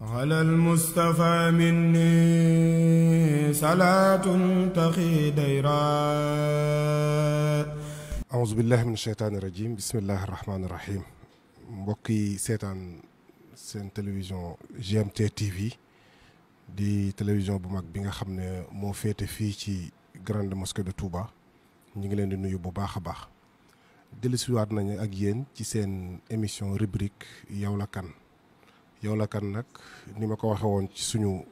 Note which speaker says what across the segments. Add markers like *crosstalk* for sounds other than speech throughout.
Speaker 1: على المصطفى مني صلاة تقي ديرا أعوذ بالله من الشيطان الرجيم بسم الله mbokki seetaan seen télévision GMT TV di télévision bu mag bi nga xam ne moo féete fii ci grande mosquée di Touba ñu ngi leen di nuyu bu baax a baax dellusiwaat nañu ak yéen ci seen émission rubrique yow la kan yow la kan nag ni ma ko waxee woon ci suñu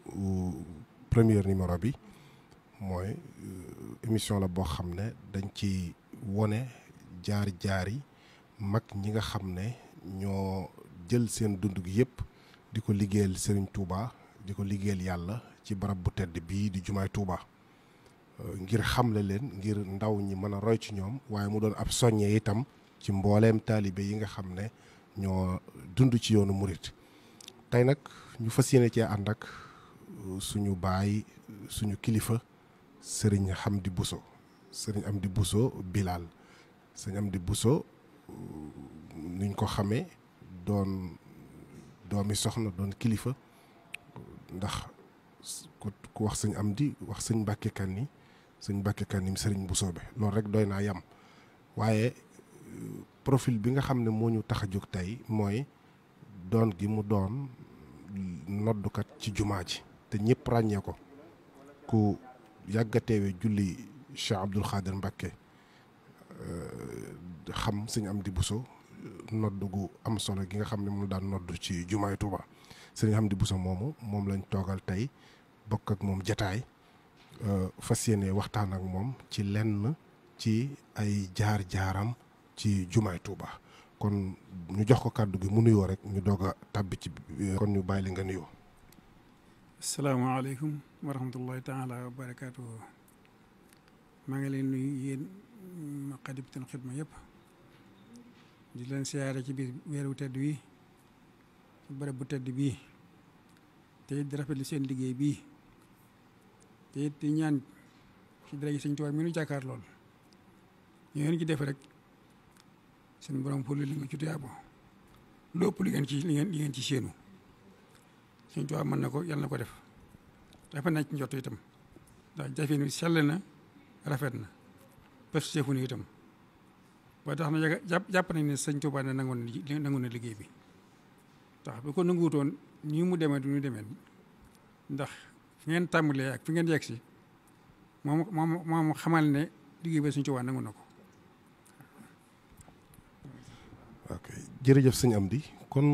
Speaker 1: premier numéro bi mooy euh, émission la boo xam ne dañ ci wone jaar jaari mag ñi nga xam ne ñoo jël seen dund gi yëpp di ko liggéeyal Serigne Touba di ko liggéeyal yàlla ci barab bu tedd bii di jumaay Touba euh, ngir xamle leen ngir ndaw ñi mën a roy ci ñoom waaye mu doon ab soññe itam ci mbooleem taalibe yi nga xam ne ñoo dund ci yoonu murit tey nag ñu fas yéene cee ànd ak uh, suñu baay suñu kilifa sëriñ xam di buso sëriñ Hamdi Bousso Bilal sëriñ Hamdi Bousso uh, nuñ ko xamee doon doomi soxna doon kilifa ndax ku wax sëñ Hamdi wax sëñ Mbàkke Kanni sëñ Mbàkke Kanni sëriñ Bousso bi loolu rek doy naa yam waaye uh, profil bi nga xam ne moo ñu tax a jóg tey mooy doon gi mu doon noddukat ci jumaa ji te ñëpp ràññee ko ku yàgg julli Cheikh Abdoul Khadir Mbacké euh, xam am di buso noddu gu am solo gi nga xam ne moom daan noddu ci jumaay Touba sëñ Amdi Bousso moomu moom lañ toogal tey bokk ak moom jataay euh, fas yéene waxtaan ak moom ci lenn ci ay jaar-jaaram ci jumaay Touba. kon ñu jox ko kàddu gi mu nuyoo rek ñu doog a tàbbi ci kon ñu bàyyi nga nuyoo.
Speaker 2: asalaamaaleykum wa rahmatullahi taala wa barakaatu. maa ngi leen nuyu yéen Moukhaddamatoul Khidma yépp di leen siyaare ci biir weeru tedd wi ci bu tedd bii te it di rafetlu seen liggéey bii te it di ñaan ci dara yi Sëñ Tuubaa mi nu jàkkaar lool ñu ngeen ci def rek. seen borom fulu li nga ci tuyaabo lu ëpp li ngeen ci li ngeen li ngeen ci séenu suñ tubaab mën na ko yàlla na ko def rafet na ci njott ndax jafin bi sell na rafet na pes seefu itam ba tax na jàpp jàpp nañ ne sëñ Tuubaa ne nangoon na nangoon na liggéey bi tax bu ko nanguwutoon nii mu demee du ñu demee ndax fi ngeen tàmbalee ak fi ngeen yegg si moom moom moom xamal ne liggéey bi sëñ Tuubaa nangu na ko
Speaker 1: jërëjëf sëñ Amdi kon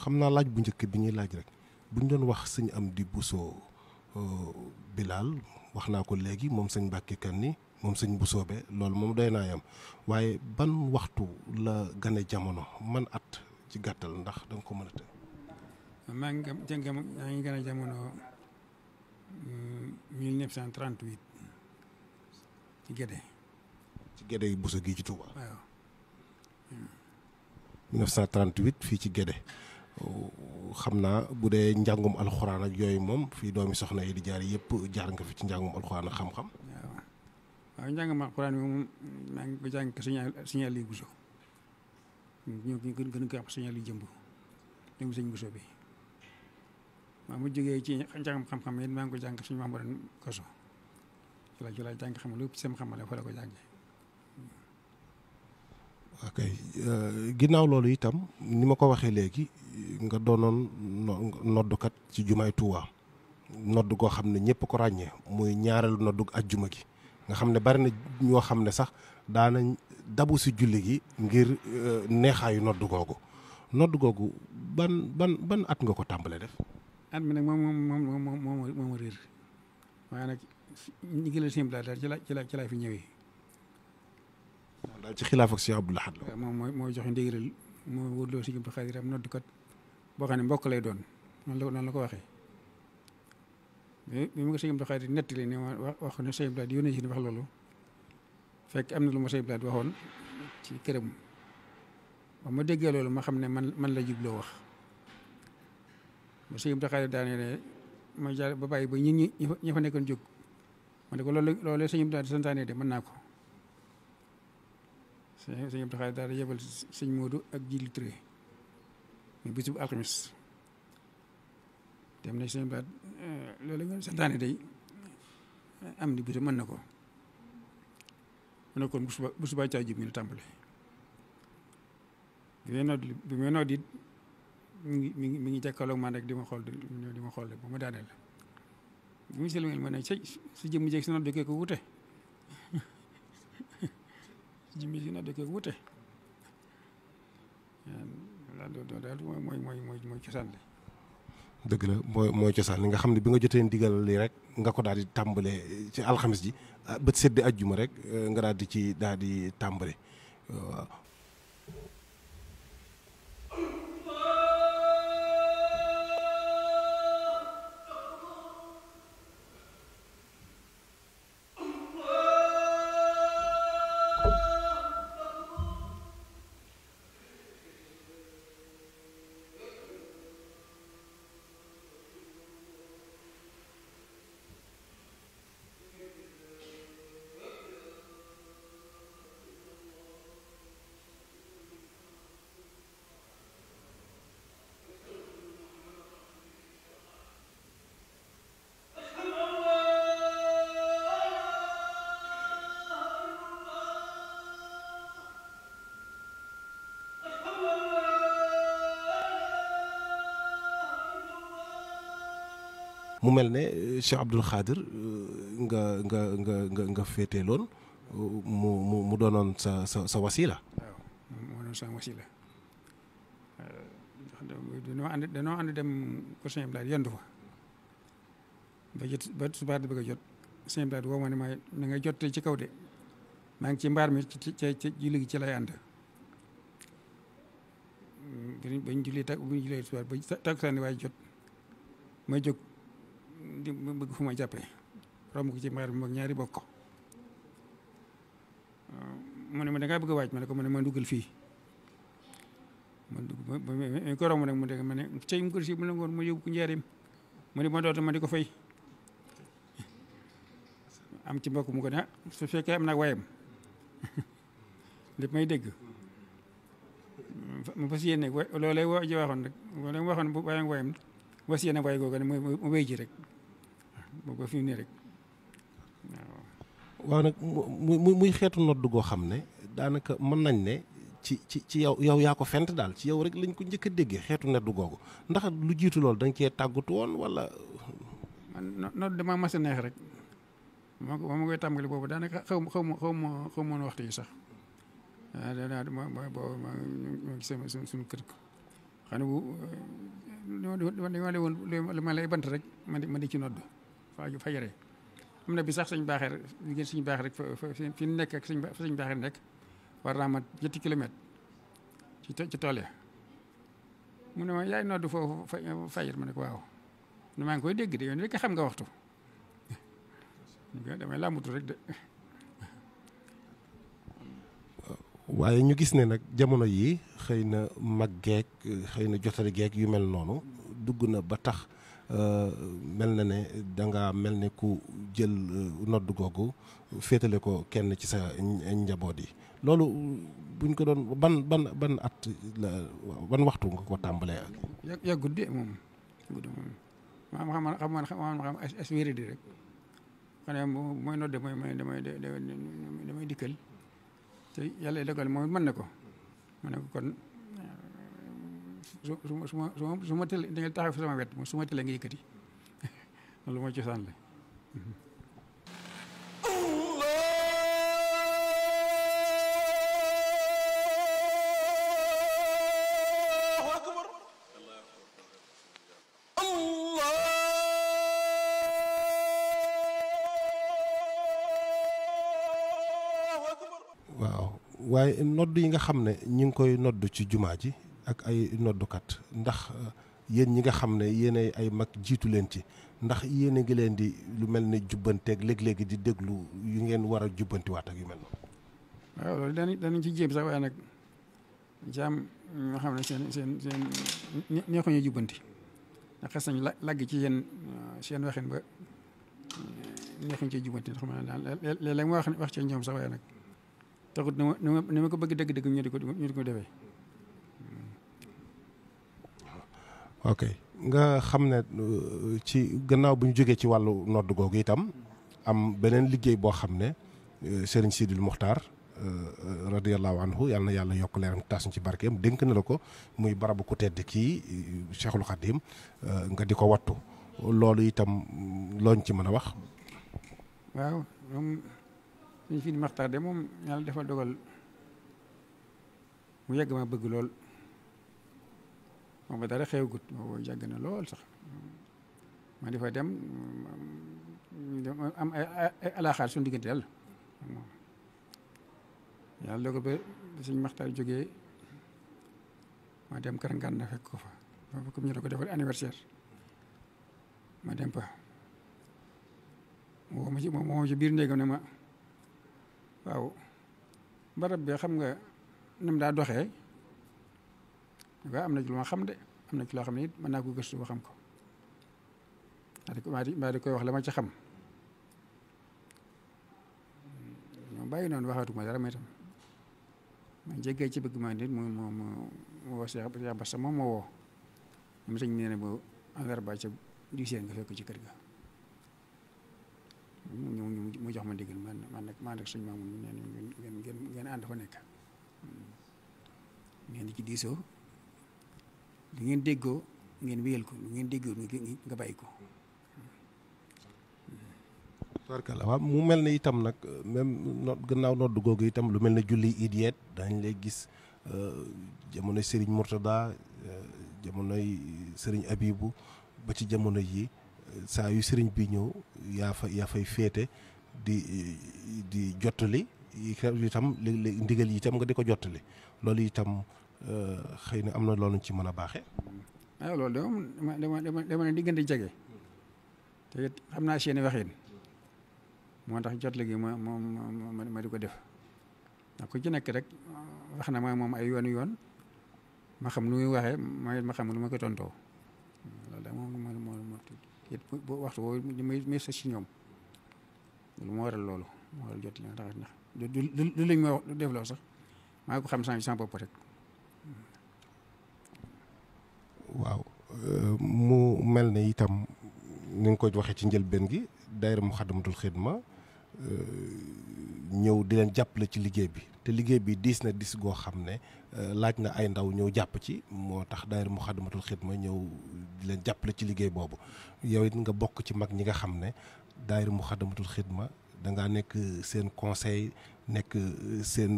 Speaker 1: xam naa laaj bu njëkk bi ñuy laaj rek buñ doon wax sëñ Amdi Bousso euh, bilaal wax naa ko léegi moom sëñ kan ni moom sëñ Bousso be loolu moom doy naa yam waaye ban waxtu la gane jamono man at ci gàttal ndax danga ko mën a tënk.
Speaker 2: maa ngi jëng ngi gane jamono 1938 euh, ci Gédé.
Speaker 1: ci Gédé Bousso gii ci Touba. 1938 fii ci Guédé xam naa bu dee njàngum alxuraan ak yooyu moom fii doomi soxna yi di jaar yëpp jaar nga fi ci njàngum alxuraan ak xam-xam. waaw
Speaker 2: waaw njàngum alxuraan bi moom maa ngi ñu gën gën a gaaw signal yi jëmb jëmb bi maa mu jógee ci njàngum xam-xam yi maa ngi ko jàng suñu Mamadou Koso ci la ci la jàng xam lu seen xam-xam la ko jàngee.
Speaker 1: ok ginnaaw loolu itam ni ma ko waxee léegi nga doonoon noddukat ci jumaay Tuuba nodd goo xam ne ñëpp ko ràññee muy ñaareelu ak juma gi nga xam ne bari na ñoo xam ne sax daanañ dabu si julli gi ngir neexaayu nodd googu nodd googu ban ban ban at nga ko tàmbalee def.
Speaker 2: at mi nag moom moom moom moom moo réer waaye nag ñu ngi la simple daal ci la ci la ci la fi ñëwee.
Speaker 1: moom daal ci xilaaf ak Cheikh Abdoul la
Speaker 2: moom mooy mooy joxe ndigalal moo wóorloo si jëm xadir am noddikat boo xam ne mbokk lay doon noonu la noonu la ko waxee bi mu ko sëñ Abdou Xaadir nettali ne wax ni ne sëñ Abdou wax loolu fekk am na lu ma sëñ Abdou waxoon ci këram ma ma déggee loolu ma xam ne man man la jubloo wax ba sëñ Abdou Xaadir daane ma jaar ba bàyyi ba ñi ñi ñi fa nekkoon jóg ma ne ko loolu loolu sëñ Abdou santaane de mën naa ko sëñ Abdou Khadre daal di yebal sëñ Modou ak Jili Touré muy bis bu alxames dem na sëñ baat eh, loolu nga santaane day eh, am di bisu mën na ko mu ne kon bu suba bu subaa caa jub ñu tàmbale bi may noot bi may noot it mi ngi mi ngi mi ngi jàkkaarloog man rek di ma xool di ma xool rek ba ma daaneel bi mu sëlmeel ma ne sa sa jëmm si noot jokkee ko wute jimbi si na da koy wute mooy mooy cosaan
Speaker 1: dëgg la mooy mooy cosaan li nga xam ne bi nga jotee ndigal li rek nga ko daal di tàmbalee ci alxames ji ah, bët seddi ajjuma rek eh, nga daal di ci daal di tàmbale mu mel ne euh, Cheikh Abdoul Khadir euh, nga nga nga nga nga féetee euh, mu mu mu doonoon sa sa sa wasila. waaw
Speaker 2: mu doonoon sa wasila dañoo ànd dañoo fa ba jot ba subaar di bëgg a jot Sëñ Abdoulaye woo ma ne ma na nga jot ci kaw de maa ngi ci mbaar mi ci julli gi ci lay ànd. Mm, bañ julli tak buñ jullee subaar ba takkusaan jot di bëgg fu ma jàppee romb ko ci mbaar mi ñaari bokk mu ne ma da ngaa bëgg a waaj ma ne ko ma ne ma duggal fii ma dugg ma ma ko romb nag mu ne ma ci mbokk mu ko ah, *laughs* may dégg rek booba fi ne rek
Speaker 1: waaw. nag muy muy xeetu nodd goo xam ne daanaka mën nañ ne. ci ci ci yow yow yaa ko fent daal ci yow rek lañ ko njëkk dégge xeetu nedd googu ndax lu jiitu loolu dañ cee tàggatu woon wala. man noonu damaa mas a neex rek ma ma koy
Speaker 2: tàmbali boobu daanaka xaw ma xaw ma xaw ma xaw sax ah daanaka ma sama suñu kër ga. xam ne bu li ma li ma woon li ma lay bant rek ma di ma di ci nodd. faaju fajare am na bi sax sëñ baaxee rek liggéey sëñ baax rek fi mu nekk ak suñ fa sëñ baaxee nekk war naa mat ñetti kilomètre ci ci tool ya mu ne ma yaay noddu foofu fajar ma ne ko waaw ne maa ngi koy dégg de yow rek xam nga waxtu *laughs* damay làmbatu rek de *laughs*
Speaker 1: waaye ñu gis ne nag jamono yi xëy na mag geek xëy na jotali geek yu mel noonu dugg na ba tax Euh, mel na ne danga mel ni ku jël euh, nodd googu féetale ko kenn ci sa njaboot yi loolu buñ ko doon ban ban ban at la ban waxtu nga ko tàmbalee ak. ya ya guddi moom guddi
Speaker 2: moom maam mooy nodde damay dikkal te yàlla dogal mooy mën na ko mën na ko su su ma su ma tëlee da ngeen taxaw fi wet su ma tëlee nga yëkkati *laughs* loolu mooy cosaan
Speaker 1: la waaye nodd yi nga xam ne ñi ngi koy nodd ci jumaa ji ak ay noddukat ndax euh, yéen ñi nga xam ne yéen ay mag jiitu leen ci ndax yéen a ngi leen di lu mel ne jubbanteeg léeg-léegi di déglu yu ngeen war a jubbantiwaat ak yu mel
Speaker 2: na waaw loolu ci jéem sax waaye nag jaam xam ne seen seen seen neexuñu jubbanti ndax xes nañu la lagg ci seen euh, seen waxin ba euh, neexuñu ci jubbanti ndax man daal léeg-léeg ma wax wax ci ñoom sax waaye nag taxut na ma na ma ko bëgg dëgg-dëgg ñu di ko ñu di ko defee.
Speaker 1: ok nga xam ne euh, ci gannaaw bu ñu jógee ci wàllu nodd googu itam am beneen liggéey boo xam ne euh, Serigne Sidil Muxtaar euh, radiyallahu anhu yàlla na yàlla yokk leeram tas ci barkeem dénk na la ko muy barabu ku tedd kii Cheikhul Khadim nga di ko wattu loolu itam mm, looñ ci mën a wax.
Speaker 2: waaw moom Serigne Sidil Muxtaar de moom yàlla dafa dogal mu yàgg ma bëgg lool. booba dara xewgut booba yàgg na lool sax ma di fa dem am ay alaaxaar suñu diggante yàlla yàlla ma dem kër ngan na fekk ko fa boobu comme ñu la ko defal moom moo biir néegam ne ma waaw barab bi xam nga nam daa doxee waaw am na ci lu ma xam de am na ci loo xam ne mën naa ko gëstu ba xam ko maa di koy wax la ma ci bàyyi noonu waxaatuma dara may tam ci bëgg maa nit mu mu mu mu woo Cheikh Bassa moom moo woo mu sëñ nee na bu àllarba ca di nga fekk ci kër ga ñu mu jox ma ndigal ma man nag man nag suñ maamu ngeen ngeen ngeen ànd fa nekk hmm. ngeen di ci diisoo lu ngeen déggoo ngeen wéyal ko lu ngeen déggoo nga bàyyi ko.
Speaker 1: barkala mu mel ne itam nag même no gannaaw nodd googu itam lu mel ne julli iid yeet daañ lay gis euh, jamonoy Serigne Mourtada euh, jamonoy Serigne Abibu ba ci jamono yi saa yu Serigne bi ñëw yaa fa yaa fay féete di di jottali tam léeg-léeg ndigal yi tam nga di ko jottali loolu itam Euh, xëy na am na loolu ci mën a baaxee.
Speaker 2: ah loolu dama dama dama dama ne di gën jege te xam naa seen i waxin moo tax jot léegi ma ma ma ma di ko def ko ku ci nekk rek wax na ma moom ay yoon yoon ma xam lu muy waxee ma ma lu ma ko tontoo loolu da moom moo moo moo it bu waxtu boobu li may sa si ñoom lu moo waral loolu moo waral jot li ma tax du du du def loo sax maa ko xam sans sans bopp rek.
Speaker 1: waaw euh, mu mel ne itam ni nga ko waxee ci njëlbeen gi daayira Muxaddamatul Xidma euh, ñëw di leen jàppale ci liggéey bi te liggéey bi diis na diis goo xam ne euh, laaj na ay ndaw ñëw jàpp ci moo tax daayira Muxaddamatul Xidma ñëw di leen jàppale ci liggéey boobu yow it nga bokk ci mag ñi nga xam ne daayira Muxaddamatul Xidma da ngaa nekk seen conseil nekk seen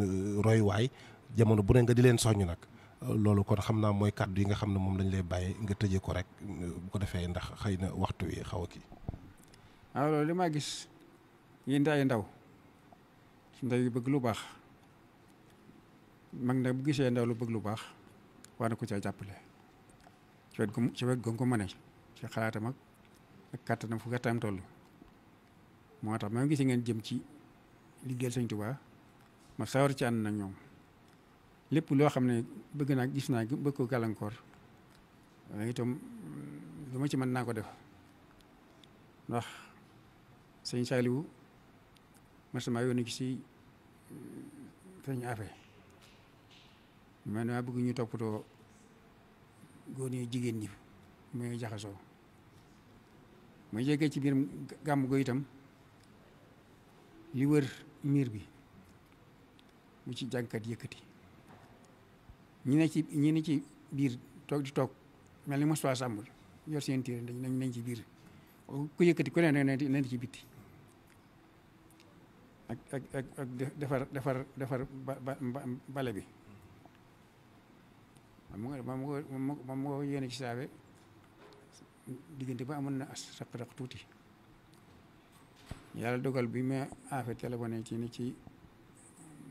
Speaker 1: roywaay jamono bu ne nga di leen soññ nag loolu kon xam naa mooy kàddu yi nga xam ne moom lañ lay bàyyi nga tëjee ko rek bu ko defee ndax xëy na waxtu wi xaw a kii.
Speaker 2: waaw loolu li ma gis yi ay ndaw yu bëgg lu baax mag nag bu gisee ndaw lu bëgg lu baax war na ko caa jàppale ci wet gu ci wet gu ko mënee ci xalaatam ak ak kàttanam fu gàttam toll moo tax ma gisee ngeen jëm ci liggéeyal Sëñ Tuubaa ma sawar ci ànd nag ñoom. lépp loo xam ne bëgg naa gis naa bëgg ko gàllankoor waaye itam mm, lu ma ci mën naa ko def ndax sëñ Saliou masama yoonu ci si mm, sëñ Afe man dama bëgg ñu toppatoo góor ñi jigéen ñi muy jaxasoo muy jege ci biir gàmm go itam li wër miir bi mu ci jàngkat yëkkati ñi ne ci ñi ne ci biir toog di toog mel ni Moustapha Samb yor seen tiir dañ nañ ci biir ku yëkkati ko ne nañ ci bitti ak ak ak defar defar defar bale bi ma mu ma mu yéene ci saabe diggante ba amoon na saq-saq tuuti yàlla dogal bi ma affaire téléphoné ci ni ci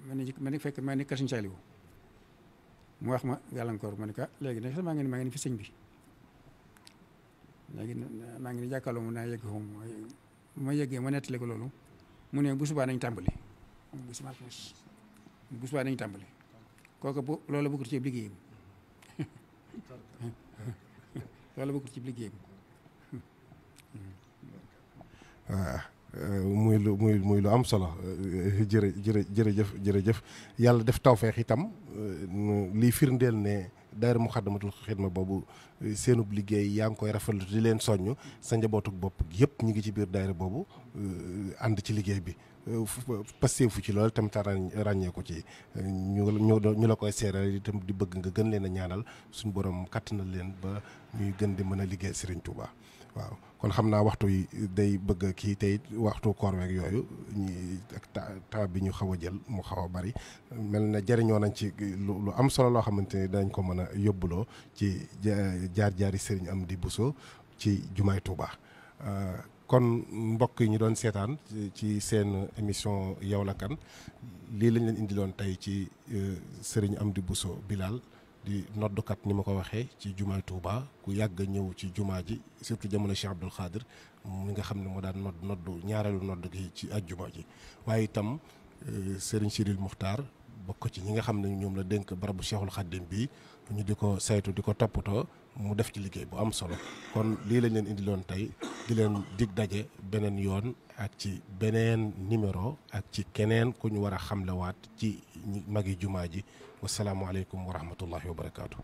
Speaker 2: ma ni fekk ma ni Kër Saalum mu wax ma gàllankoor ma ne ko léegi nag maa ngi ne maa ngi ne fi sëñ bi léegi maa ngi ne jàkkaarloo mu naa yegg foofu ma yeggee ma nettali ko loolu mu ne bu subaa nañ tàmbali bu subaa bu subaa nañ tàmbali kooku bu loolu bëggut ci liggéeyam *laughs* loolu bëggut ci liggéeyam
Speaker 1: *laughs* hmm. waaw Euh, muy lu muy muy lu am solo euh, jërë jërë jërëjëf jërëjëf yàlla def tawfeex itam euh, liy firndeel ne mu daayira Muxaddamatul Xidma boobu seenub liggéey yaa ngi koy rafetlu di leen soññ sa njabootug bopp yëpp ñu ngi ci biir daayira boobu ànd ci liggéey bi passé fu ci loolu tam ta ràññeeku ci ñu ñu la koy seeral itam di bëgg nga gën leen a ñaanal suñu borom kàttanal leen ba ñuy gën di mën a liggéey Serigne Touba waaw kon xam naa waxtu yi day bëgg kii tey waxtu koor week yooyu ñi ak temps bi ñu xaw a jël mu xaw a bari mel na jariñoo nañ ci lu am solo loo xamante ni dañ ko mën a yóbbuloo ci jaar jaari sëriñ am di Bousso ci jumaay Touba euh, kon mbokk yi ñu doon seetaan ci seen émission yow la lii lañ leen indiloon tey ci euh, sëriñ Amdi Bousso Bilal di noddukat ni ma ko waxee ci jumaay Touba ku yàgg a ñëw ci jumaa ji surtout jamono Cheikh Abdoul Khadir mi nga xam ne moo daan nodd noddu ñaareelu noddu gi ci jumaa ji waaye itam euh, Serigne Chiril Muxtaar bokk ci ñi nga xam ne ñoom la dénk barabu Cheikhul Khadim bi ñu di ko saytu di ko toppatoo mu def ci liggéey bu am solo kon lii lañ leen indiloon tey di leen dig daje beneen yoon ak ci beneen numéro ak ci keneen ku ñu war a xamlewaat ci magi jumaa ji wasalaamualeykum wa rahmatullahi wa barakaatu.